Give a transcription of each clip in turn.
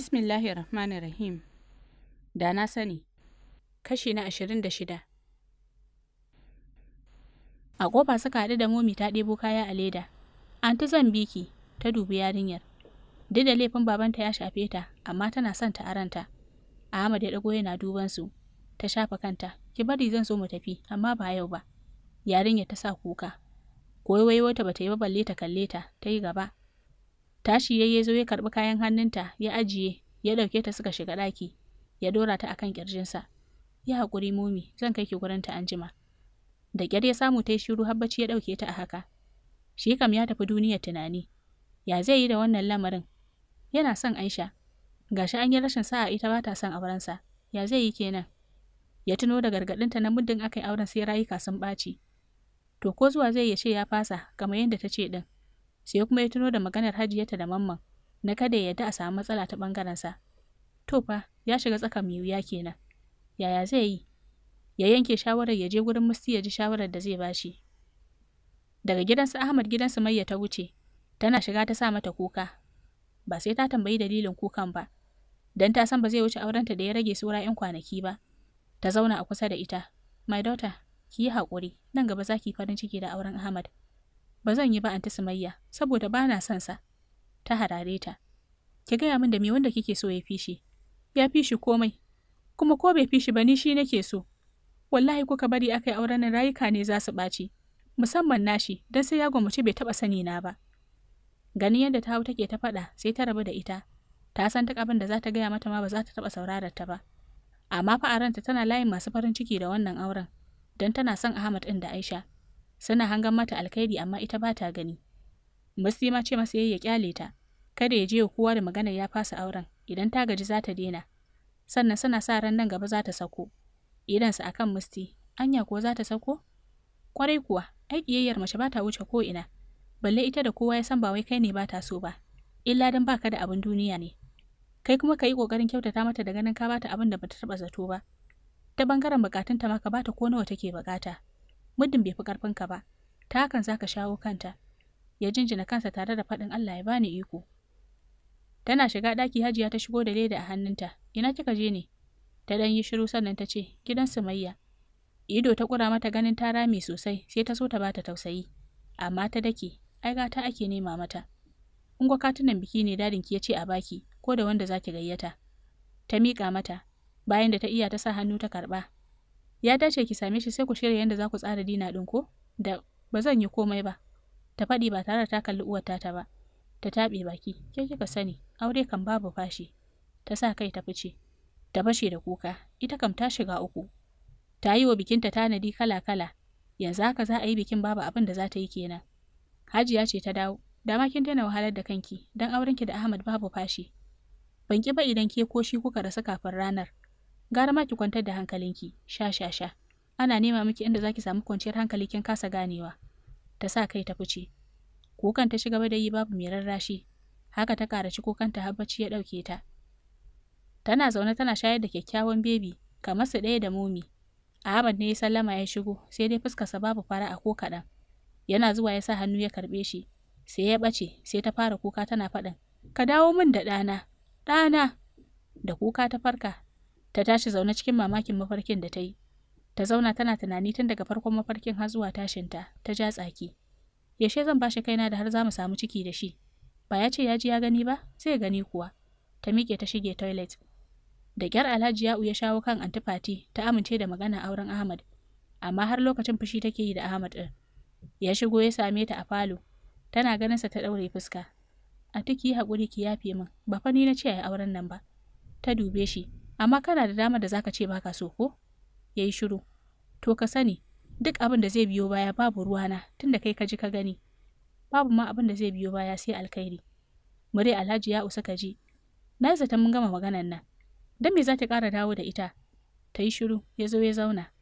Bismillahir Rahmanir Rahim. Da na sani. Kashi na ashirin da shida. A ƙofa suka haɗu da momi ta ɗebo kaya a leda. An ta zan ki. ta dubi yarinyar. Duk da laifin babanta ya shafe ta, amma tana son ta aranta. Ahmad ya ɗago yana duban su. Ta shafa kanta. Ki bari zan so mu tafi, amma ba yau ba. Yarinyar ta sa kuka. Wai-wai, wata bata yi ba balle ta kalle ta, ta yi gaba. Tashi yayye zo ya karɓi kayan hannunta, ya ajiye, ya ɗauke ta suka shiga daki ya dora ta akan ƙirjinsa. Ya hakuri momi, zan kai ki ta anjima. Da kyar ya samu ta yi shiru har bacci ya ɗauke ta a haka. Shi kam ya tafi duniya tunani. Ya zai yi da wannan lamarin? Yana son Aisha. Gashi an yi rashin sa'a ita ba ta son aurensa. Ya zai yi kenan? Ya tuno da ta na muddin aka yi auren sai rayuka sun ɓaci. To ko zuwa zai ya ce ya fasa kamar yadda ta ce din? sai kuma ya tuno da maganar hajiyarta da mamman na kada ya yarda a samu matsala ta ɓangarensa. To fa ya shiga tsakan mai wuya kenan. Yaya zai yi? Ya yanke shawarar ya je gurin musti ya ji shawarar da zai bashi. Daga gidansa Ahmad gidan gidansa Mayya ta wuce, tana shiga ta sa mata kuka. Ba sai ta tambayi dalilin kukan ba, Dan ta san ba zai wuce aurenta da ya rage saura 'yan kwanaki ba. Ta zauna a kusa da ita. My daughter, ki yi haƙuri, nan gaba za ki farin ciki da auren Ahmad. Ba zan yi ba anti Sumayya, saboda ba na son sa. Ta harare ta. Ki gaya min da me wanda kike so ya fishi? Ya fishi komai. Kuma ko bai fishi ba ni shi nake so. Wallahi kuka bari akai auren nan rayuka ne za su ɓaci. Musamman nashi, don sai ya gwammaci bai taɓa sani na ba. Gani yadda ta hau take ta faɗa sai ta rabu da ita. Ta san duk abin da za ta gaya mata ma ba za ta taɓa saurarar ta ba. Amma fa a ranta tana layin masu farin ciki da wannan auren, don tana son Ahmad ɗin da Aisha. suna hangan mata alkhairi amma ita ba ta gani. Musti ma ce masa ya kyale ta, kada ya je kowa da magana ya fasa auren, idan ta gaji za ta daina. Sannan suna sa ran nan gaba za ta sako. Idan a akan Musti, anya kuwa za ta sako? Kwarai kuwa, ai kiyayyar mace ba ta wuce ko ina. Balle ita da kowa ya san ba wai kai ne ba ta so ba, illa dan baka da abin duniya ne. Kai kuma ka yi ƙoƙarin kyautata mata da ganin ka bata abin da bata taɓa zato ba. Ta bangaren bukatunta ma ka bata ko nawa take bukata. muddin bai fi ƙarfinka ba ta hakan za ka shawo kanta ya jinjina kansa tare da faɗin Allah ya bani iko tana shiga ɗaki hajiya ta shigo da leda a hannunta ina kika je ne ta ɗan yi shiru sannan ta ce gidan sumayya ido ta ƙura mata ganin ta rame sosai sai ta so ta bata tausayi amma ta dake ai gata ake nema mata ungo katunan biki ne dadinki ya ce a baki ko da wanda zaki gayyata ta miƙa mata bayan da ta iya ta sa hannu ta karɓa Ya dace ki same shi sai ku shirya yadda za ku tsara dina ɗin ko? Da ba zan yi komai ba. Ta faɗi ba tare da ta kalli uwar tata ba. Ta taɓe baki, ke kika sani, aure kan babu fashi. Ta sa kai ta fice. Ta fashe da kuka, ita kam ta shiga uku. Ta yi wa bikinta tanadi kala-kala, yanzu haka za a yi bikin babu abin da za ta yi kenan. Hajiya ce ta dawo, dama kin daina wahalar da kanki, dan aurenki da Ahmad babu fashi. Ban ki ba idan ke ko shi kuka rasu kafin ranar. Gara ma ki kwantar da hankalinki, sha sha sha. Ana nema miki inda zaki samu kwanciyar hankali kin kasa ganewa. Ta sa kai ta fice. Kukan ta shiga da yi babu mai rarrashi. Haka ta karaci kukanta har bacci ya ɗauke ta. Tana zaune tana shayar da kyakkyawan bebi kamar su ɗaya da momi. Ahmad ne ya sallama ya shigo sai dai fuskarsa babu fara a ko kaɗan. Yana zuwa ya sa hannu ya karɓe shi. Sai ya ɓace sai ta fara kuka tana faɗin. Ka dawo min da ɗana. Ɗana. Da kuka ta farka ta tashi zaune cikin mamakin mafarkin da ta yi ta zauna tana tunani tun daga farkon mafarkin har zuwa tashinta ta ja tsaki yaushe zan bashi kaina da har za mu samu ciki da shi ba ya ce ya ji ya gani ba sai gani kuwa ta miƙe ta shige toilet da kyar alhaji ya'u ya shawo kan antifati ta amince da magana auren ahmad amma har lokacin fushi take yi da ahmad ɗin ya shigo ya same ta a falo tana ganinsa ta ɗaure fuska a tiki haƙuri ki yafe min ba fa ni na ce a yi auren nan ba ta dube shi amma kana da damar da zaka ce baka so ko ya yi shiru to ka sani duk abin da zai biyo baya babu ruwa na tunda kai ka ji ka gani babu ma abin da zai biyo baya sai alkhairi mure alhaji ya usa ka ji na yi mun gama maganan nan dan me za ta ƙara dawo da ita ta yi shiru ya zo ya zauna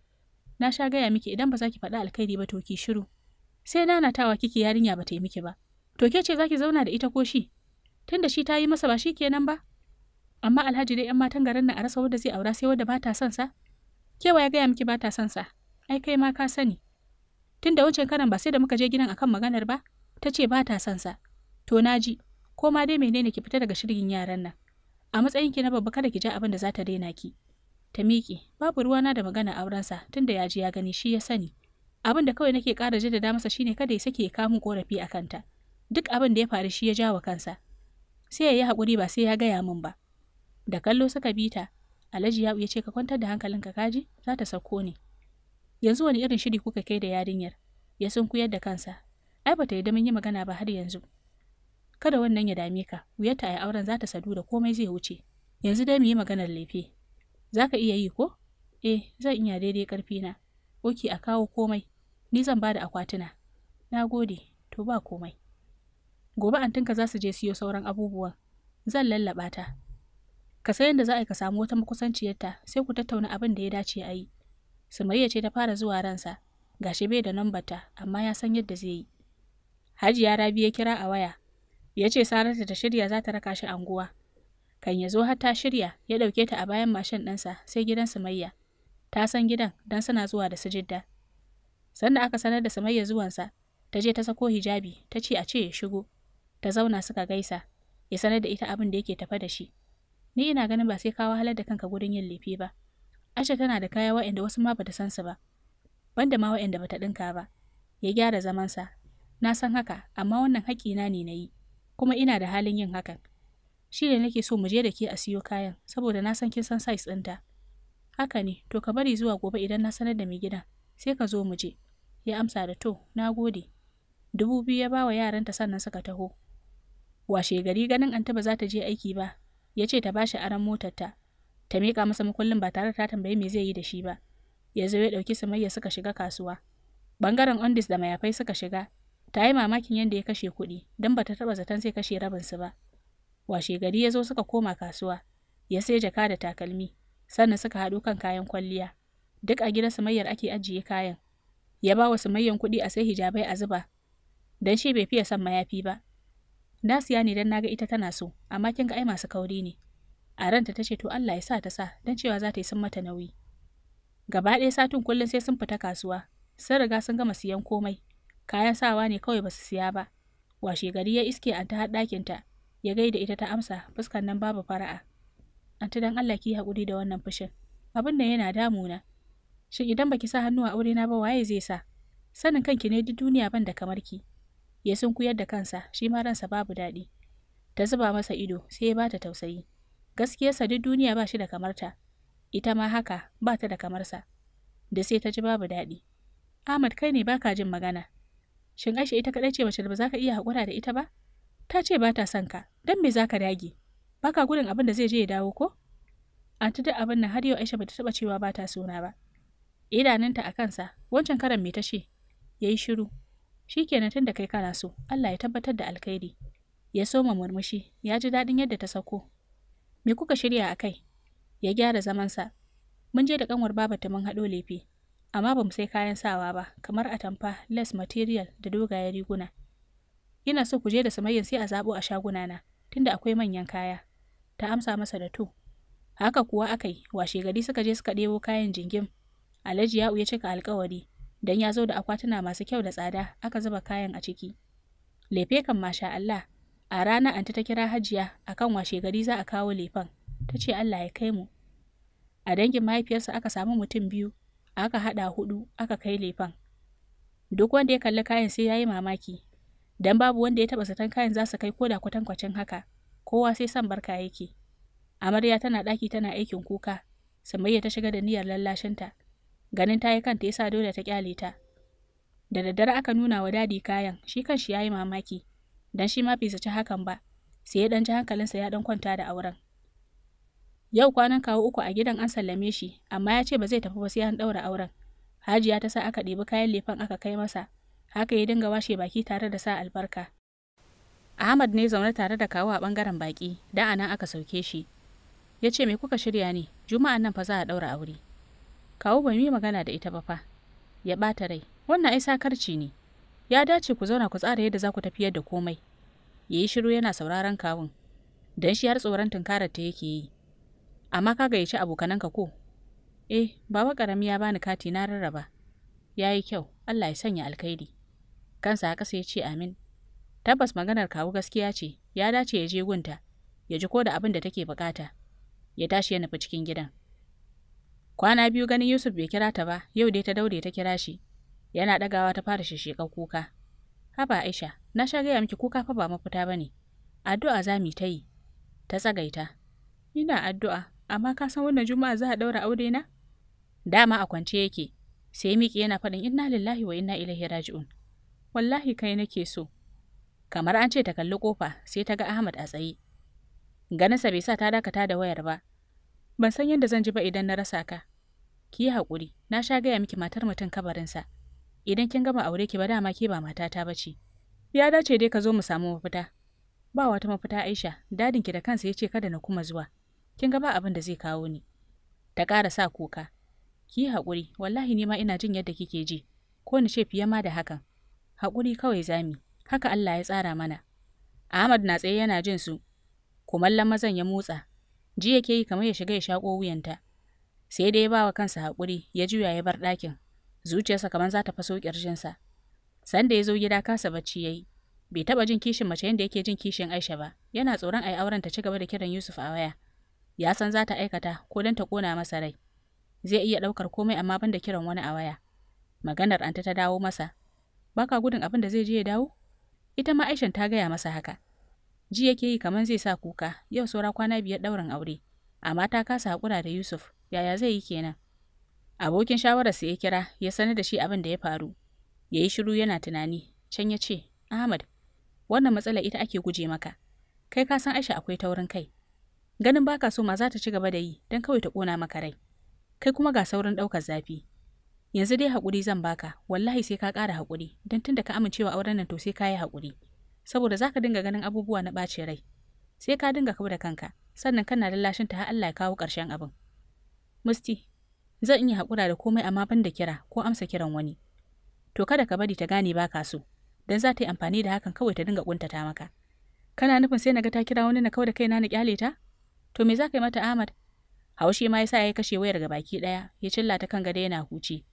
na sha gaya miki idan ba za ki faɗi alkhairi ba to ki shiru sai na tawa kiki yarinya ba ta yi miki ba to ke ce za ki zauna da ita ko shi tunda shi ta yi masa ba shi kenan ba amma alhaji dai 'yan matan garin nan a rasa wanda zai aura sai wanda ba ta son sa kewa ya gaya miki ba ta son sa ai kai ma ka sani tun da wancan karan ba sai da muka je gidan akan maganar ba ta ce ba ta son sa to naji ko ma dai menene ki fita daga shirgin yaran nan a matsayin ki na babba kada ki ja abin da za ta daina ki ta miƙe babu ruwa na da magana auren sa tunda ya ji ya gani shi ya sani abin da kawai nake ƙara jaddada masa shine kada ya sake ya kamo korafi a kanta duk abin da ya faru shi ya jawo kansa sai ya yi haƙuri ba sai ya gaya min ba da kallo suka bita, ta alhaji ya ce ka kwantar da hankalinka kaji za ta sauko ne yanzu wani irin shiri kuka kai da yarinyar ya sunkuyar da kansa ai bata yi mun yi magana ba har yanzu kada wannan ya dame ka wuyarta a auren za ta sadu da komai zai wuce yanzu dai mu yi maganar lefe za ka iya yi ko eh zan iya daidai karfi na oke a kawo komai ni zan ba da akwatuna na gode to ba komai gobe antinka za su je siyo sauran abubuwan zan lallaba ta ka san yadda za a yi ka samu wata makusanciyarta sai ku tattauna abin da ya dace a yi sumayya ce ta fara zuwa ransa ga shi bai da lambata amma ya san yadda zai yi Haji ya rabi ya kira a waya ya ce saratu ta shirya za ta raka shi anguwa kan ya zo har ta shirya ya ɗauke ta a bayan mashin ɗansa sai gidan sumayya ta san gidan don suna zuwa da su jidda sanda aka sanar da Sumayya zuwansa ta je ta sako hijabi ta ce a ce ya shigo ta zauna suka gaisa ya sanar da ita abin da yake tafa da shi ni ina ganin ba sai ka wahalar da kanka gurin yin lefe ba Aisha tana da kaya wa'inda wasu ma bata san su ba banda ma wa'inda bata dinka ba ya gyara zaman sa na san haka amma wannan na ne na yi kuma ina da halin yin hakan shi ne nake so mu je da ke a siyo kayan saboda na san kin san size ɗinta haka ne to ka bari zuwa gobe idan na sanar da mai gidan sai ka zo mu je ya amsa da to na gode dubu biyu ya ba wa yaranta sannan suka taho washe gari ganin Anta ba za ta je aiki ba ya ce ta bashi aron motar ta Ta miƙa masa makullin ba tare ta tambayi me zai yi da shi ba ya zo ya ɗauki sumayya suka shiga kasuwa bangaren ondis da mayafai suka shiga ta yi mamakin yadda ya kashe kuɗi don ba ta taɓa zaton sai kashe rabinsu ba washe gari ya zo suka koma kasuwa ya sai jaka da takalmi sannan suka haɗu kan kayan kwalliya duk a gidan sumayyar ake ajiye kayan ya ba wa sumayyan kuɗi a sai hijabai a zuba don shi bai fiye son mayafi ba Na siya ne don naga ita tana so, amma kin ga ai masu kauri ne. A ranta ta ce to Allah ya sa ta sa, don cewa za ta yi sun mata nauyi. Gaba ɗaya satin kullun sai sun fita kasuwa, sun riga sun gama siyan komai. Kayan sawa ne kawai basu siya ba. Washe gari ya iske an ta ɗakinta, ya gaida ita ta amsa fuskan nan babu fara'a. ta dan Allah ki hakuri da wannan fushin. Abin nan yana damuna. Shin idan baki sa hannu a aure na ba waye zai sa? Sanin kanki ne duk duniya ban da kamar ki. ya sunkuyar da kansa shi ma ransa babu daɗi ta zuba masa ido sai ya bata tausayi gaskiyarsa duk duniya ba shi da kamarta ita ma haka ba ta da kamarsa da sai ta ji babu daɗi Ahmad kai ne baka jin magana shin Aisha ita kaɗai ce mace da ba za ka iya haƙura da ita ba ta ce ba ta son ka don me za ka dage baka gudun abin da zai je ya dawo ko an ta duk abin nan har yau Aisha bata taɓa cewa ba ta suna ba idanunta a kansa wancan karan me ta ce yi shiru Shi kenan tun da kai kana so, Allah ya tabbatar da alkhairi. Ya soma murmushi, ya ji daɗin yadda ta sako. Me kuka shirya a kai? Ya gyara zamansa. Mun je da kanwar ta mun haɗo lefe, amma bamu sai kayan sawa ba, kamar atamfa, less material da dogayen riguna. Ina so ku je da samayyan sai a zaɓo a shaguna na tunda akwai manyan kaya. Ta amsa masa da to. Haka kuwa aka yi, washe gari suka je suka ɗebo kayan jingim. Alhaji Ya'u ya cika alkawari, don ya zo da akwatuna masu kyau da tsada aka zuba kayan a ciki. Lefe kan masha Allah, a rana anta ta kira hajiya a kan washe gari za a kawo lefen, ta ce Allah ya kai mu. A dangin mahaifiyarsa aka samu mutum biyu, aka haɗa hudu aka kai lefen. Duk wanda ya kalli kayan sai ya yi mamaki, don babu wanda ya taɓa satan kayan za su kai ko da kwatankwacin haka, kowa sai son barka yake. Amarya tana ɗaki tana aikin kuka, Samayya ta shiga da niyyar lallashinta. ganin ta yi kanta ya sa dole ta kyale ta da daddare aka nuna wa dadi kayan shi kan shi ya yi mamaki dan shi ma bai zaci hakan ba sai ya dan ji hankalinsa ya dan kwanta da auren yau kwanan kawo uku a gidan an sallame shi amma ya ce ba zai tafi ba sai an daura auren hajiya ta sa aka ɗebi kayan lefen aka kai masa haka ya dinga washe baki tare da sa albarka ahmad ne zaune tare da kawo a bangaren baki da anan aka sauke shi ya ce me kuka shirya ne juma'an nan fa za a daura aure kawo ba mu yi magana da ita ba fa ya bata rai wannan ai sakarci ne ya dace ku zauna ku tsara yadda za ku tafiyar da komai Ya yi shiru yana sauraron kawun dan shi har tsoron tunkarar ta yake yi amma ka gayyaci abokananka ko eh baba karami ya bani kati na rarraba Ya yi kyau Allah ya sanya alkhairi kansa a ƙasa ya ce amin tabbas maganar kawu gaskiya ce ya dace ya je gunta ya ji ko da abin da take bukata ya tashi ya nufi cikin gidan Kwana biyu ganin Yusuf bai kira ta ba, yau dai ta daure ta kira shi. Yana ɗagawa ta fara shishika kuka. Haba Aisha, na sha gaya miki kuka fa ba mafita ba ne. Addu'a za mu ta yi. Ta tsagaita. Ina addu'a, amma ka san wannan juma'a za a ɗaura aure na? Dama a kwance yake. Sai miki yana faɗin inna lillahi wa inna ilaihi raji'un. Wallahi kai nake so. Kamar an ce ta kalli kofa sai ta ga Ahmad a tsaye. Ganinsa bai sa ta dakata da wayar ba, Ban san yadda zan ji ba idan na rasa ka. Ki yi haƙuri, na sha gaya miki matar mutum kabarinsa. Idan kin gama aure ki ba dama ke ba matata ba ce. Ya dace dai ka zo mu samu mafita. Ba wata mafita Aisha, Dadin ki da kansa ya ce kada na kuma zuwa. Kin ga ba abin da zai kawo ni. Ta ƙara sa kuka. Ki yi haƙuri, wallahi ne ma ina jin yadda kike ji. Ko ni ce fiye ma da hakan. Haƙuri kawai zami, haka Allah ya tsara mana. Ahmad na tsaye yana jin su. Kumallon mazan ya motsa, Ji yake yi kamar ya shiga ya shaƙo wuyanta. Sai dai ya ba wa kansa haƙuri, ya juya ya bar ɗakin. Zuciyarsa kamar za ta faso ƙirjinsa. Sanda ya zo gida kasa bacci ya yi. Bai taɓa jin kishin mace yadda yake jin kishin Aisha ba. Yana tsoron a yi auren ta ci gaba da kiran Yusuf a waya. Ya san za ta aikata ko don ta ƙona masa rai. Zai iya ɗaukar komai amma ban da kiran wani a waya. Maganar anta ta dawo masa. Baka gudun abin da zai je ya dawo? Ita ma Aishan ta gaya masa haka. Ji yake yi kamar zai sa kuka, yau saura kwana biyar ɗaurin aure. Amma ta kasa haƙura da Yusuf, yaya zai yi kenan? Abokin shawararsa ya kira, ya sanar da shi abin da ya faru. Ya yi shiru yana tunani, can ya ce, Ahmad, wannan matsala ita ake guje maka. Kai ka san Aisha akwai taurin kai. Ganin baka so ma za ta ci gaba da yi don kawai ta ƙona maka rai. Kai kuma ga saurin ɗaukar zafi. Yanzu dai haƙuri zan baka, wallahi sai ka ƙara hakuri, don tun da ka amincewa auren nan to sai ka yi hakuri. saboda za ka dinga ganin abubuwa na ɓaci rai sai ka dinga kaba da kanka sannan kana lallashin ta har Allah ya kawo ƙarshen abin musti zan iya haƙura da komai amma ban da kira ko amsa kiran wani to kada ka bari ta gane ba ka so dan za ta yi amfani da hakan kawai ta dinga kuntata maka kana nufin sai na ga ta kira wani na kawo da kaina na kyale ta to me za ka yi mata Ahmad Haushe ma ya sa ya kashe wayar ga baki daya ya cilla ta kan gado yana huce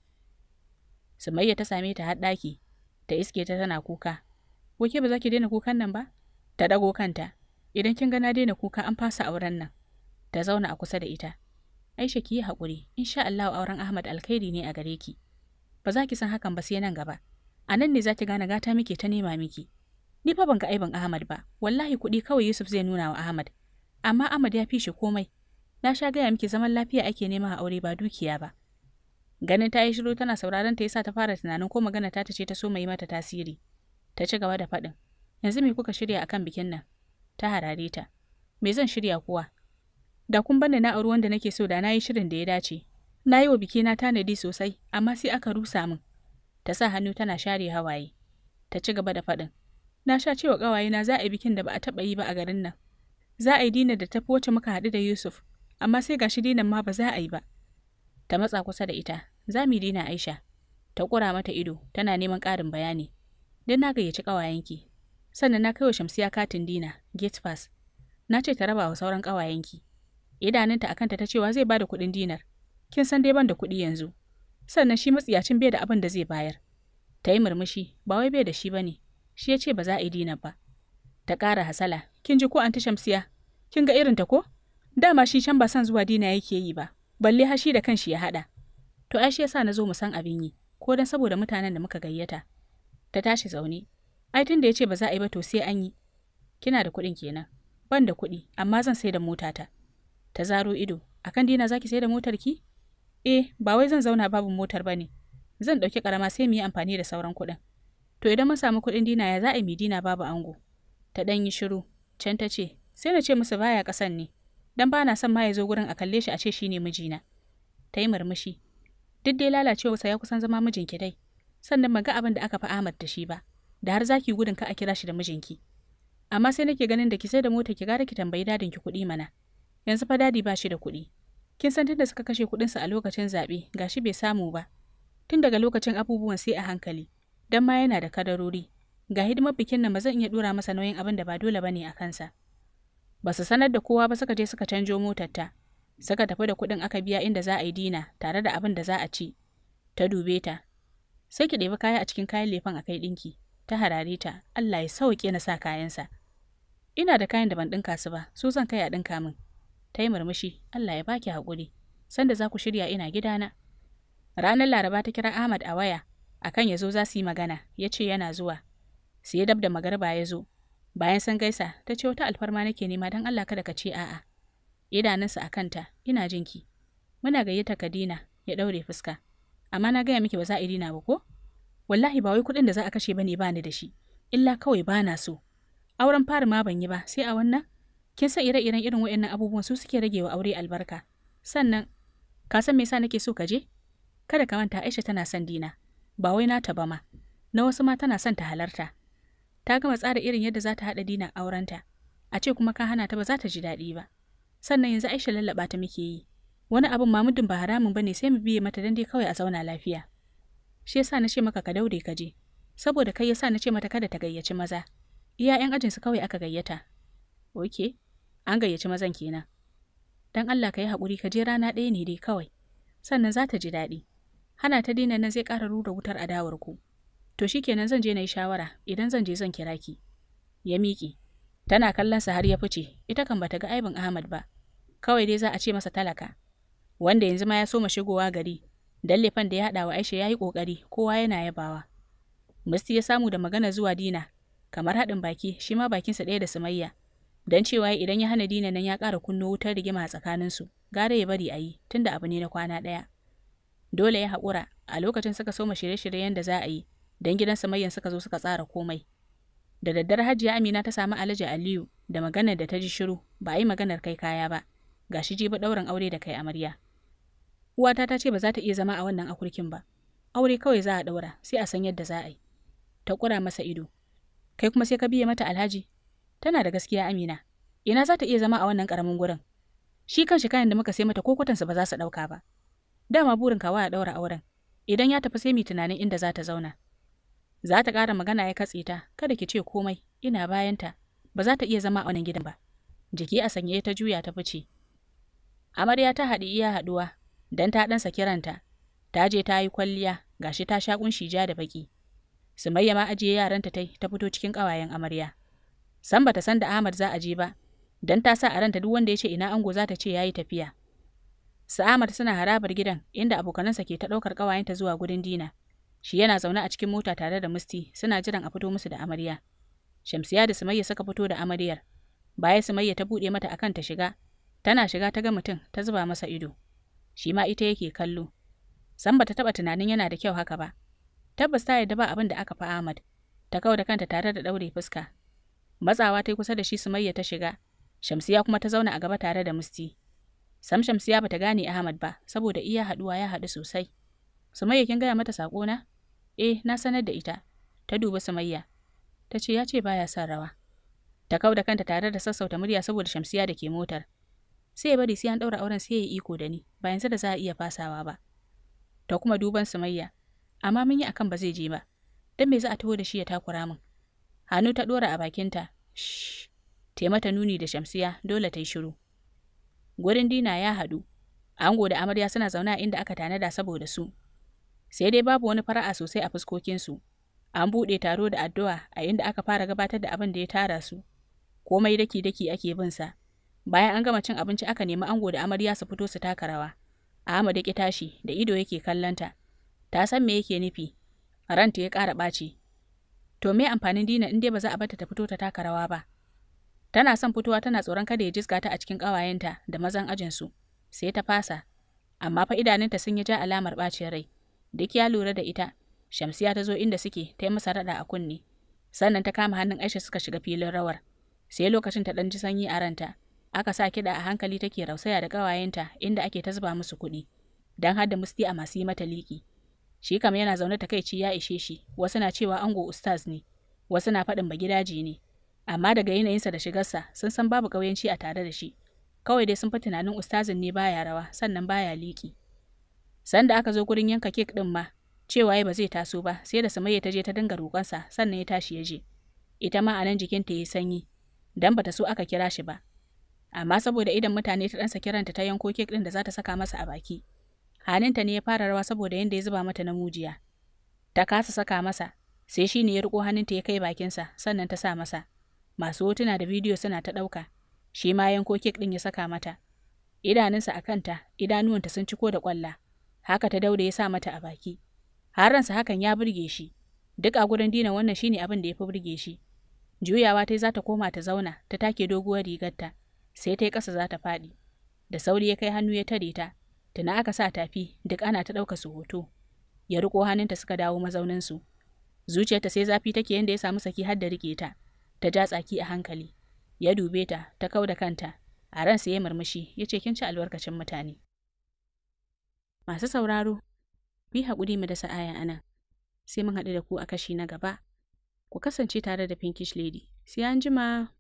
Sumayya ta same ta har ɗaki ta iske ta tana kuka wake ba za ki daina kukan nan ba ta ɗago kanta idan kin ga na daina kuka an fasa auren nan ta zauna a kusa da ita aisha ki yi haƙuri insha Allah auren Ahmad alkhairi ne a gare ki ba za ki san hakan ba sai nan gaba a nan ne za ki gane gata miki ta nema miki ni fa ban ga aibin Ahmad ba wallahi kuɗi kawai Yusuf zai nuna wa Ahmad amma Ahmad ya fi shi komai na sha gaya miki zaman lafiya ake nema a aure ba dukiya ba ganin ta yi shiru tana sauraron ta yasa ta fara tunanin ko magana ta ce ta so mai mata tasiri ta ci gaba da faɗin yanzu me kuka shirya akan bikin nan ta harare ta me zan shirya kuwa da kun bani na auri wanda nake so da na yi shirin da ya dace na yi wa bikina tanadi sosai amma sai aka rusa min ta sa hannu tana share hawaye ta ci gaba da faɗin na sha cewa ƙawayena za a yi bikin da ba a taɓa yi ba a garin nan za a yi dinar da tafi wacce muka haɗu da yusuf amma sai gashi dinar ma ba za a yi ba ta matsa kusa da ita za mu dina aisha ta ƙura mata ido tana neman ƙarin bayani dan na gayyaci ƙawayenki sannan na kaiwa shamsiya katin dina gate pass na ce ta raba wa sauran ƙawayenki idaninta akan ta cewa zai bada kuɗin dinar kin san dai ban da kuɗi yanzu sannan shi matsiyacin bai da abin da zai bayar ta yi murmushi ba wai bai da shi bane shi ya ce ba za a yi dinar ba ta ƙara hasala kin ji ko anti shamsiya kin ga irin ta, ko dama shi can ba son zuwa dina yake yi ba balle hashi da kanshi ya haɗa to ai shi yasa na zo mu san abin yi ko dan saboda mutanen da muka gayyata ta tashi zaune ai tun da ya ce ba za a yi ba to sai an yi kina da kuɗin kenan ban da kuɗi amma zan sai da motata ta zaro ido akan dina zaki sai da motar ki eh ba wai zan zauna babu motar ba ne zan ɗauki ƙarama sai mu yi amfani da sauran kuɗin to idan mun samu kuɗin dina ya za a yi dina babu ango ta ɗan yi shiru can ta ce sai na ce musu baya kasan ne dan ba na son ma ya zo gurin a kalle shi a ce shine mijina ta yi murmushi duk dai lalacewarsa ya kusan zama mijinki dai sannan ban ga abin da aka fi Ahmad da shi ba da har zaki gudun ka a kira shi da mijinki amma sai nake ganin da ki sai da mota ki gara ki tambayi dadin ki kuɗi mana yanzu fa dadi ba shi da kuɗi kin san tunda suka kashe kuɗinsu a lokacin zaɓe gashi bai samu ba tun daga lokacin abubuwan sai a hankali dan ma yana da kadarori ga hidimar bikin nan ba zan iya dora masa nauyin abin da ba dole bane a kansa ba su sanar da kowa ba suka je suka canjo motar ta suka tafi da kuɗin aka biya inda za a yi dina tare da abin da za a ci ta dube ta sai ki ɗebi kaya a cikin kayan lefen a kai ɗinki ta harare ta Allah ya sauke na sa kayansa ina da kayan da ban ɗinka su ba su zan kai a ɗinka min ta yi murmushi Allah ya baki haƙuri sanda za ku shirya ina gidana ranar laraba ta kira Ahmad a waya akan ya zo za su yi magana ya ce yana zuwa su dab da magarba ya zo bayan san gaisa ta ce wata alfarma nake nema don Allah kada ka ce a'a idanunsa a kanta ina jinki muna gayyata Kadina ya ɗaure fuska amma na gaya miki ba za a irina ba ko wallahi ba wai kuɗin da za a kashe ba ne ba ni da shi illa kawai ba na so auren fari ma ban yi ba sai a wannan kin san ire-iren irin waɗannan abubuwan su suke rage wa aure albarka sannan ka san me yasa nake so ka je kada ka manta Aisha tana son dina ba wai nata ba ma na wasu ma tana son ta halarta ta gama tsara irin yadda za ta haɗa dinan aurenta a ce kuma ka hana ta ba za ta ji daɗi ba sannan yanzu Aisha lallaɓa ta muke yi wani abin ma muddin ba haramun bane sai mu biye mata dan dai kawai a zauna lafiya shi yasa na ce maka ka daure ka je saboda kai yasa na ce mata kada ta gayyaci maza iya yan ajin su kawai aka gayyata oke an gayyaci mazan kenan dan Allah ka yi haƙuri ka je rana ɗaya ne dai kawai sannan za ta ji daɗi hana ta dina nan zai ƙara rura wutar adawar ku to shikenan zan je na yi shawara idan zan je zan kira ki ya miki. tana kallon sa har ya fice ita kan bata ga aibin Ahmad ba kawai dai za a ce masa talaka wanda yanzu ma ya soma shigowa gari, dan lefan da ya haɗa wa Aisha ya yi ƙoƙari, kowa yana yabawa. Musti ya samu da magana zuwa Dina, kamar haɗin baki, shi ma bakinsa ɗaya da Sumayya, dan cewa idan ya hana Dina nan ya ƙara kunno wutar rigima a tsakaninsu, gara ya bari a yi, tunda abu ne na kwana ɗaya. Dole ya haƙura, a lokacin suka soma shirye shirye da za a yi, dan gidan Sumayyan suka zo suka tsara komai. Da daddar Hajiya Amina ta samu alaji Aliyu da maganar da ta ji shiru, ba a yi maganar kai kaya ba. gashi jibi ɗaurin aure da kai amarya. Uwata ta ce ba za ta iya zama a wannan akurkin ba. Aure kawai za a ɗaura, sai a san yadda za a yi. Ta ƙura masa ido. Kai kuma sai ka biye mata alhaji. Tana da gaskiya Amina. Ina za ta iya zama a wannan ƙaramin gurin? Shi shi kayan da muka sai mata ko kwatansa ba za su ɗauka ba. Dama burin kawa ya ɗaura auren. Idan ya tafi sai mu tunanin inda za ta zauna. Za ta ƙara magana ya katse ta, kada ki ce komai, ina bayanta. Ba za ta iya zama a wannan gidan ba. Jiki a sanye ta juya ta fice. Amarya ta haɗi iya haɗuwa, Dan ta ɗansa kiranta, ta je ta yi kwalliya, gashi ta sha ƙunshi ja da baki. Sumayya ma ajiye yaranta ta ta fito cikin ƙawayen amarya. San bata san da Ahmad za a je ba, dan ta sa a ranta duk wanda ya ce ina ango za ta ce yayi tafiya. Su Ahmad suna harabar gidan inda abokanansa ke ta ɗaukar ƙawayenta zuwa gurin dina. Shi yana zaune a cikin mota tare da Musti suna jiran a fito musu da amarya. Shamsiya da Sumayya suka fito da amaryar. Baya Sumayya ta buɗe mata akan ta shiga. Tana shiga ta ga mutum ta zuba masa ido. shi ma ita yake kallo. San ta taɓa tunanin yana da kyau haka ba. Tabbas ta yarda ba abin da aka fi Ahmad. Ta kawo da kanta tare da ɗaure fuska. Matsawa ta yi kusa da shi Sumayya ta shiga. Shamsiya kuma ta zauna a gaba tare da Musti. Sam Shamsiya bata gane Ahmad ba saboda iya haɗuwa ya haɗu sosai. Sumayya kin gaya mata sako na? Eh, na sanar da ita. Ta duba Sumayya. Ta ce ya ce baya son rawa. Ta kau da kanta tare da sassauta murya saboda Shamsiya da ke motar. sai ya bari sai an ɗaura auren sai ya yi iko da ni ba yanzu da za a iya fasawa ba ta kuma duban sumayya amma mun yi akan ba zai je ba dan me za a taho da shi ya takura min hannu ta ɗora a bakinta ta te mata nuni da shamsiya dole ta yi shiru gurin dina ya haɗu ango da amarya suna zaune a inda aka tanada saboda su sai dai babu wani fara'a sosai a fuskokinsu an buɗe taro da addu'a a inda aka fara gabatar da abin da ya tara su komai daki-daki ake bin sa bayan an gama cin abinci aka nemi ango da amarya su fito su taka rawa ahmad ya tashi da ido yake kallanta ta san me yake nufi ranta ya ƙara ɓaci to me amfanin dina in dai ba za a bata ta fito ta taka rawa ba tana son fitowa tana tsoron kada ya jiska ta a cikin ƙawayenta da mazan ajinsu sai ta fasa amma fa idanunta sun yi ja alamar ɓacin rai duk ya lura da ita shamsiya ta zo inda suke ta yi masa raɗa a kunne sannan ta kama hannun aisha suka shiga filin rawar sai lokacin ta ɗan ji sanyi a ranta Aka sa kiɗa a hankali take rausaya da ƙawayenta inda ake ta zuba musu kuɗi, don har musti a masu yi mata liƙi. Shi kam yana zaune takaici ya ishe shi, wasu na cewa ango ustaz ne, wasu na faɗin ba gidaje ne, amma daga yanayinsa da shigarsa sun san babu ƙauyenci a tare da shi. Kawai dai sun fi tunanin ustazin ne baya rawa sannan baya liƙi. Sanda aka zo gurin yanka kek ɗin ma, cewa ba zai taso ba sai da samayya ta je ta dinga roƙonsa sannan ya tashi ya je. Ita ma a nan jikinta ya sanyi, dan bata so aka kira shi ba. amma saboda idan mutane ta ɗansa kiranta ta yanko kek ɗin da za ta saka masa a baki hannunta ne ya fara rawa saboda yadda ya zuba mata na mujiya ta kasa saka masa sai shi ne ya riko hannunta ya kai bakinsa sannan ta sa masa masu hotuna da bidiyo suna ta ɗauka shi ma yanko kek ɗin ya saka mata idanunsa a kanta idanuwanta sun ciko da ƙwalla haka ta dauda ya sa mata a baki ransa hakan ya burge shi duk a gurin dina wannan shine abin da ya fi burge shi juyawa ta za ta koma ta zauna ta take doguwar rigarta sai ta yi ƙasa za ta faɗi da sauri ya kai hannu ya tare ta tana aka sa tafi duk ana ta ɗauka su hoto ya riko hannunta suka dawo mazauninsu zuciyarta sai zafi take yadda ya samu saki har da rike ta ta ja tsaki a hankali ya dube ta ta kau da kanta a ran sai ya murmushi ya ce kin ci albarkacin mutane masu sauraro bi haƙuri mu da sa'aya anan sai mun haɗu da ku a kashi na gaba ku kasance tare da pinkish lady sai an jima